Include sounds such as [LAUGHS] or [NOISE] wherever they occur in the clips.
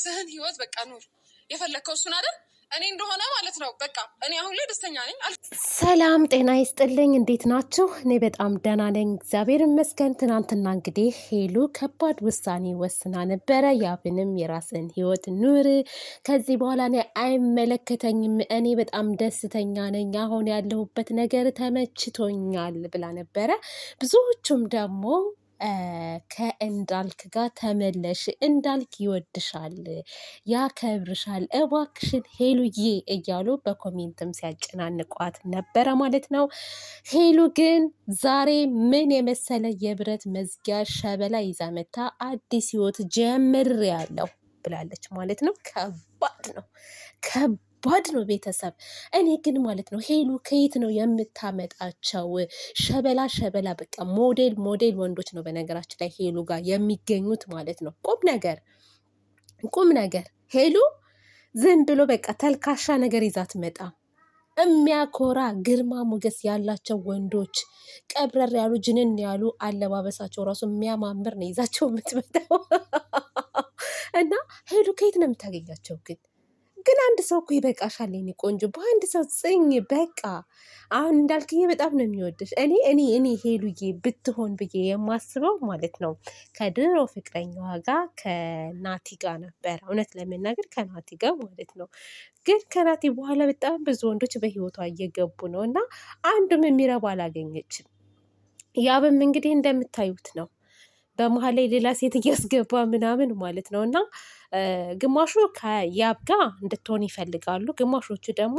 የራስህን ህይወት በቃ ኑር። የፈለግከው እሱን አይደል እኔ እንደሆነ ማለት ነው። በቃ እኔ አሁን ላይ ደስተኛ ነኝ። ሰላም ጤና ይስጥልኝ። እንዴት ናችሁ? እኔ በጣም ደህና ነኝ፣ እግዚአብሔር ይመስገን። ትናንትና እንግዲህ ሄሉ ከባድ ውሳኔ ወስና ነበረ። ያብንም የራስን ህይወት ኑር፣ ከዚህ በኋላ እኔ አይመለከተኝም፣ እኔ በጣም ደስተኛ ነኝ፣ አሁን ያለሁበት ነገር ተመችቶኛል ብላ ነበረ። ብዙዎቹም ደግሞ ከእንዳልክ ጋር ተመለሽ፣ እንዳልክ ይወድሻል፣ ያከብርሻል፣ እባክሽን ሄሉዬ እያሉ በኮሜንትም ሲያጨናንቋት ነበረ ማለት ነው። ሄሉ ግን ዛሬ ምን የመሰለ የብረት መዝጊያ ሸበላ ይዛ መታ አዲስ ህይወት ጀምር ያለው ብላለች ማለት ነው። ከባድ ነው። ከባድ ነው ቤተሰብ። እኔ ግን ማለት ነው ሄሉ ከየት ነው የምታመጣቸው? ሸበላ ሸበላ በቃ ሞዴል ሞዴል ወንዶች ነው በነገራችን ላይ ሄሉ ጋር የሚገኙት ማለት ነው። ቁም ነገር ቁም ነገር ሄሉ ዝም ብሎ በቃ ተልካሻ ነገር ይዛት መጣ የሚያኮራ ግርማ ሞገስ ያላቸው ወንዶች ቀብረር ያሉ ጅንን ያሉ አለባበሳቸው ራሱ የሚያማምር ነው ይዛቸው የምትመጣው [LAUGHS] እና ሄሉ ከየት ነው የምታገኛቸው ግን ግን አንድ ሰው እኮ ይበቃሻል የኔ ቆንጆ፣ በአንድ ሰው ጽኝ በቃ። አሁን እንዳልክዬ በጣም ነው የሚወደሽ። እኔ እኔ እኔ ሄሉዬ ብትሆን ብዬ የማስበው ማለት ነው ከድሮ ፍቅረኛዋ ጋር ከናቲ ጋር ነበረ። እውነት ለመናገር ከናቲ ጋር ማለት ነው። ግን ከናቲ በኋላ በጣም ብዙ ወንዶች በህይወቷ እየገቡ ነው እና አንዱም የሚረባ አላገኘችም። ያብም እንግዲህ እንደምታዩት ነው በመሀል ላይ ሌላ ሴት እያስገባ ምናምን ማለት ነው እና ግማሹ ከያብ ጋር እንድትሆን ይፈልጋሉ። ግማሾቹ ደግሞ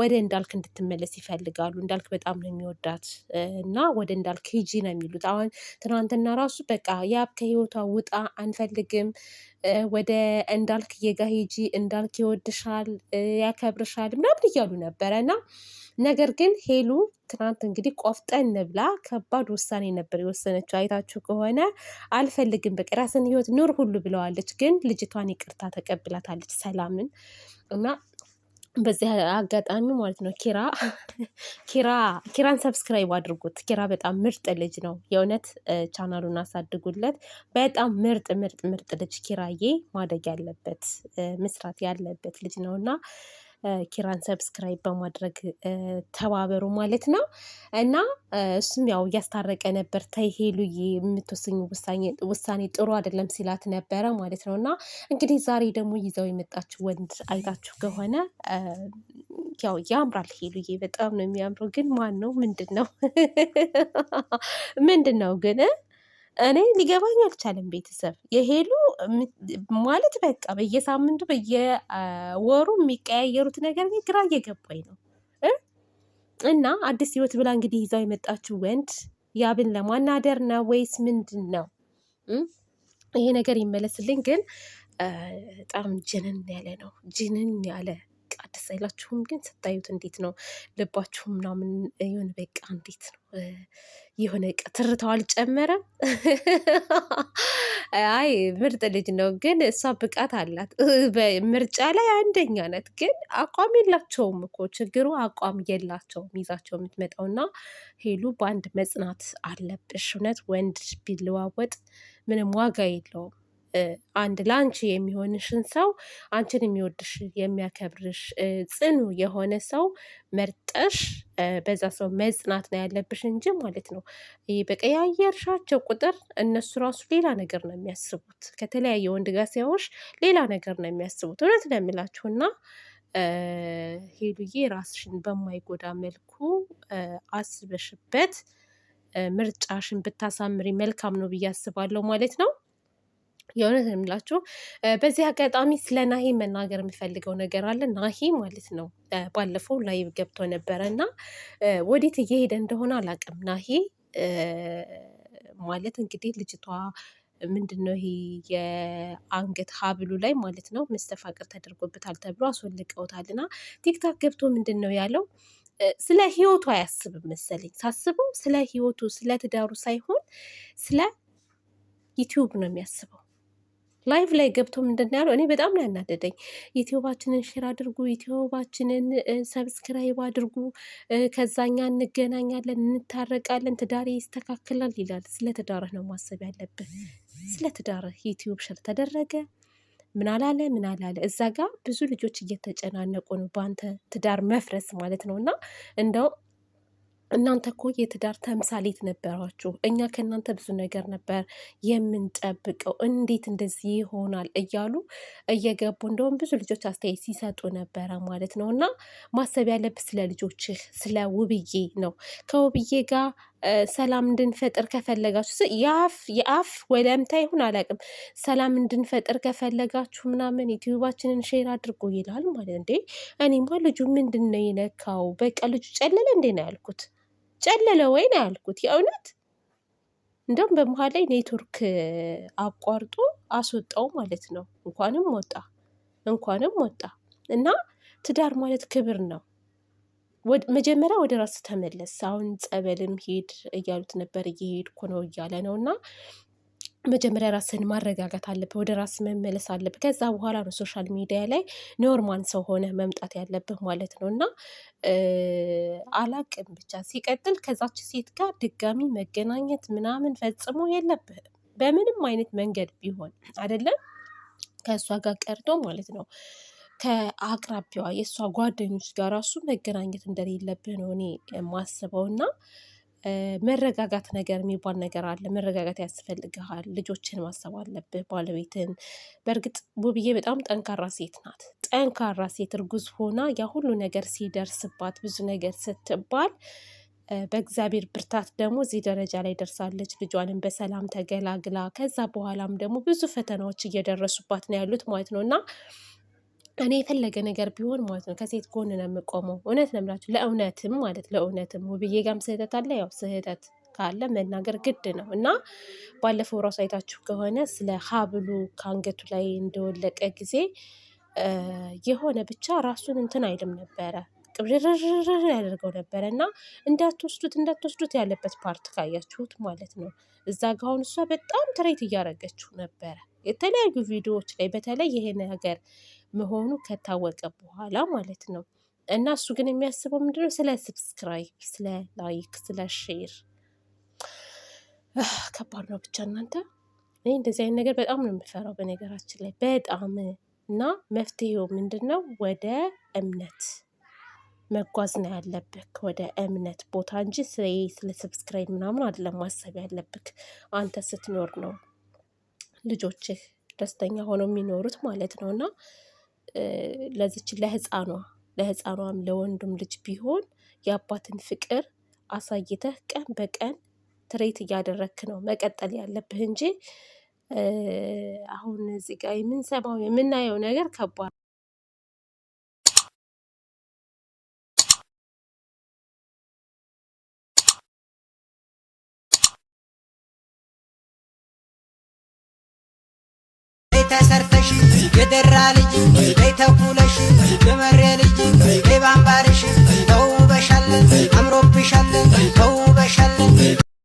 ወደ እንዳልክ እንድትመለስ ይፈልጋሉ። እንዳልክ በጣም ነው የሚወዳት እና ወደ እንዳልክ ሂጂ ነው የሚሉት። አሁን ትናንትና ራሱ በቃ ያብ ከህይወቷ ውጣ አንፈልግም ወደ እንዳልክ ጋ ሂጂ፣ እንዳልክ ይወድሻል፣ ያከብርሻል ምናምን እያሉ ነበረ እና ነገር ግን ሄሉ ትናንት እንግዲህ ቆፍጠን ብላ ከባድ ውሳኔ ነበር የወሰነችው። አይታችሁ ከሆነ አልፈልግም በቃ ራስን ህይወት ኑር ሁሉ ብለዋለች። ግን ልጅቷን ይቅርታ ተቀብላታለች ሰላምን እና በዚህ አጋጣሚ ማለት ነው ኪራ [LAUGHS] ኪራ ኪራን ሰብስክራይብ አድርጉት። ኪራ በጣም ምርጥ ልጅ ነው። የእውነት ቻናሉን አሳድጉለት። በጣም ምርጥ ምርጥ ምርጥ ልጅ ኪራዬ ማደግ ያለበት መስራት ያለበት ልጅ ነው እና ኪራን ሰብስክራይብ በማድረግ ተባበሩ ማለት ነው። እና እሱም ያው እያስታረቀ ነበር ተሄሉ ሄሉዬ የምትወስኝ ውሳኔ ጥሩ አይደለም ሲላት ነበረ ማለት ነው። እና እንግዲህ ዛሬ ደግሞ ይዛው የመጣችው ወንድ አይታችሁ ከሆነ ያው ያምራል ሄሉዬ በጣም ነው የሚያምረው። ግን ማን ነው ምንድን ነው [LAUGHS] ምንድን ነው ግን እኔ ሊገባኝ አልቻለም። ቤተሰብ የሄሉ ማለት በቃ በየሳምንቱ በየወሩ የሚቀያየሩት ነገር ግራ እየገባኝ ነው። እና አዲስ ህይወት ብላ እንግዲህ ይዛው የመጣችው ወንድ ያብን ለማናደር ነው ወይስ ምንድን ነው? ይሄ ነገር ይመለስልኝ። ግን በጣም ጅንን ያለ ነው፣ ጅንን ያለ አዲስ አይላችሁም፣ ግን ስታዩት እንዴት ነው ልባችሁ ምናምን የሆነ በቃ እንዴት ነው የሆነ ትርታው አልጨመረም። [LAUGHS] አይ ምርጥ ልጅ ነው፣ ግን እሷ ብቃት አላት። በምርጫ ላይ አንደኛ ናት፣ ግን አቋም የላቸውም እኮ ችግሩ አቋም የላቸውም ይዛቸው የምትመጣው እና ሄሉ በአንድ መጽናት አለብሽ። እውነት ወንድ ቢለዋወጥ ምንም ዋጋ የለውም። አንድ ለአንቺ የሚሆንሽን ሰው አንቺን የሚወድሽ የሚያከብርሽ ጽኑ የሆነ ሰው መርጠሽ በዛ ሰው መጽናት ነው ያለብሽ እንጂ ማለት ነው። በቀያየርሻቸው ቁጥር እነሱ ራሱ ሌላ ነገር ነው የሚያስቡት። ከተለያየ ወንድ ጋር ሌላ ነገር ነው የሚያስቡት። እውነት ነው የምላችሁና ሄሉዬ ራስሽን በማይጎዳ መልኩ አስበሽበት ምርጫሽን ብታሳምሪ መልካም ነው ብዬ አስባለሁ ማለት ነው። የእውነት ነው የምላችሁ። በዚህ አጋጣሚ ስለ ናሂ መናገር የምፈልገው ነገር አለ። ናሂ ማለት ነው ባለፈው ላይቭ ገብቶ ነበረ እና ወዴት እየሄደ እንደሆነ አላውቅም። ናሂ ማለት እንግዲህ ልጅቷ ምንድን ነው ይሄ የአንገት ሀብሉ ላይ ማለት ነው መስተፋቅር ተደርጎበታል ተብሎ አስወልቀውታል እና ቲክታክ ገብቶ ምንድን ነው ያለው ስለ ህይወቱ አያስብም መሰለኝ። ሳስበው ስለ ህይወቱ ስለ ትዳሩ ሳይሆን ስለ ዩቲዩብ ነው የሚያስበው ላይቭ ላይ ገብቶ ምንድን ያለው እኔ በጣም ነው ያናደደኝ። ዩቲዩባችንን ሼር አድርጉ፣ ዩቲዩባችንን ሰብስክራይብ አድርጉ፣ ከዛኛ እንገናኛለን፣ እንታረቃለን፣ ትዳሬ ይስተካከላል ይላል። ስለ ትዳርህ ነው ማሰብ ያለብህ። ስለ ትዳርህ ዩቲዩብ ሼር ተደረገ ምን አላለ ምን አላለ። እዛ ጋር ብዙ ልጆች እየተጨናነቁ ነው በአንተ ትዳር መፍረስ ማለት ነው እና እንደው እናንተ እኮ የትዳር ተምሳሌት ነበራችሁ። እኛ ከእናንተ ብዙ ነገር ነበር የምንጠብቀው፣ እንዴት እንደዚህ ይሆናል እያሉ እየገቡ እንደውም ብዙ ልጆች አስተያየት ሲሰጡ ነበረ ማለት ነው። እና ማሰብ ያለብህ ስለ ልጆችህ ስለ ውብዬ ነው። ከውብዬ ጋር ሰላም እንድንፈጥር ከፈለጋችሁ የአፍ የአፍ ወለምታ ይሁን አላውቅም፣ ሰላም እንድንፈጥር ከፈለጋችሁ ምናምን ዩቲዩባችንን ሼር አድርጎ ይላል ማለት እንዴ። እኔማ ልጁ ምንድን ነው የነካው? በቃ ልጁ ጨለለ እንዴ ነው ያልኩት። ጨለለ ወይ ነው ያልኩት። የእውነት እንደውም በመሃል ላይ ኔትወርክ አቋርጦ አስወጣው ማለት ነው። እንኳንም ወጣ እንኳንም ወጣ። እና ትዳር ማለት ክብር ነው። መጀመሪያ ወደ ራስ ተመለስ። አሁን ጸበልም ሂድ እያሉት ነበር፣ እየሄድኩ ነው እያለ ነው እና መጀመሪያ ራስህን ማረጋጋት አለብህ፣ ወደ ራስ መመለስ አለብህ። ከዛ በኋላ ነው ሶሻል ሚዲያ ላይ ኖርማል ሰው ሆነ መምጣት ያለብህ ማለት ነው። እና አላቅም ብቻ ሲቀጥል ከዛች ሴት ጋር ድጋሚ መገናኘት ምናምን ፈጽሞ የለብህም በምንም አይነት መንገድ ቢሆን አይደለም ከእሷ ጋር ቀርቶ ማለት ነው። ከአቅራቢዋ የእሷ ጓደኞች ጋር ራሱ መገናኘት እንደሌለብህ ነው እኔ የማስበው እና መረጋጋት ነገር የሚባል ነገር አለ። መረጋጋት ያስፈልግሃል ልጆችን ማሰብ አለብህ ባለቤትን በእርግጥ ውብዬ በጣም ጠንካራ ሴት ናት። ጠንካራ ሴት እርጉዝ ሆና ያ ሁሉ ነገር ሲደርስባት ብዙ ነገር ስትባል በእግዚአብሔር ብርታት ደግሞ እዚህ ደረጃ ላይ ደርሳለች። ልጇንም በሰላም ተገላግላ ከዛ በኋላም ደግሞ ብዙ ፈተናዎች እየደረሱባት ነው ያሉት ማለት ነው እና እኔ የፈለገ ነገር ቢሆን ማለት ነው ከሴት ጎን ነው የምቆመው። እውነት ነው የምላችሁ ለእውነትም ማለት ለእውነትም ውብዬ ጋም ስህተት አለ። ያው ስህተት ካለ መናገር ግድ ነው እና ባለፈው ራሱ አይታችሁ ከሆነ ስለ ሀብሉ ከአንገቱ ላይ እንደወለቀ ጊዜ የሆነ ብቻ ራሱን እንትን አይልም ነበረ ቅብርርር ያደርገው ነበረ እና እንዳትወስዱት እንዳትወስዱት ያለበት ፓርት ካያችሁት ማለት ነው እዛ ጋ አሁን እሷ በጣም ትሬት እያረገችው ነበረ የተለያዩ ቪዲዮዎች ላይ በተለይ ይሄ ነገር መሆኑ ከታወቀ በኋላ ማለት ነው። እና እሱ ግን የሚያስበው ምንድነው? ስለ ሰብስክራይብ፣ ስለ ላይክ፣ ስለ ሼር ከባድ ነው። ብቻ እናንተ እኔ እንደዚህ አይነት ነገር በጣም ነው የምፈራው በነገራችን ላይ በጣም እና መፍትሄው ምንድን ነው? ወደ እምነት መጓዝ ነው ያለብክ። ወደ እምነት ቦታ እንጂ ስለ ሰብስክራይብ ምናምን አይደለም ማሰብ ያለብክ። አንተ ስትኖር ነው ልጆችህ ደስተኛ ሆነው የሚኖሩት ማለት ነው እና ለዚች ለህፃኗ ለህፃኗም ለወንዱም ልጅ ቢሆን የአባትን ፍቅር አሳይተህ ቀን በቀን ትሬት እያደረክ ነው መቀጠል ያለብህ እንጂ አሁን እዚህ ጋር የምንሰማው የምናየው ነገር ከባድ ተሰርተሽ የደራ ልጅ በይ ተኩለሽ የመሬ ልጅ በይ ባምባርሽ ተውበሻለን አምሮብሻለን ተውበሻለን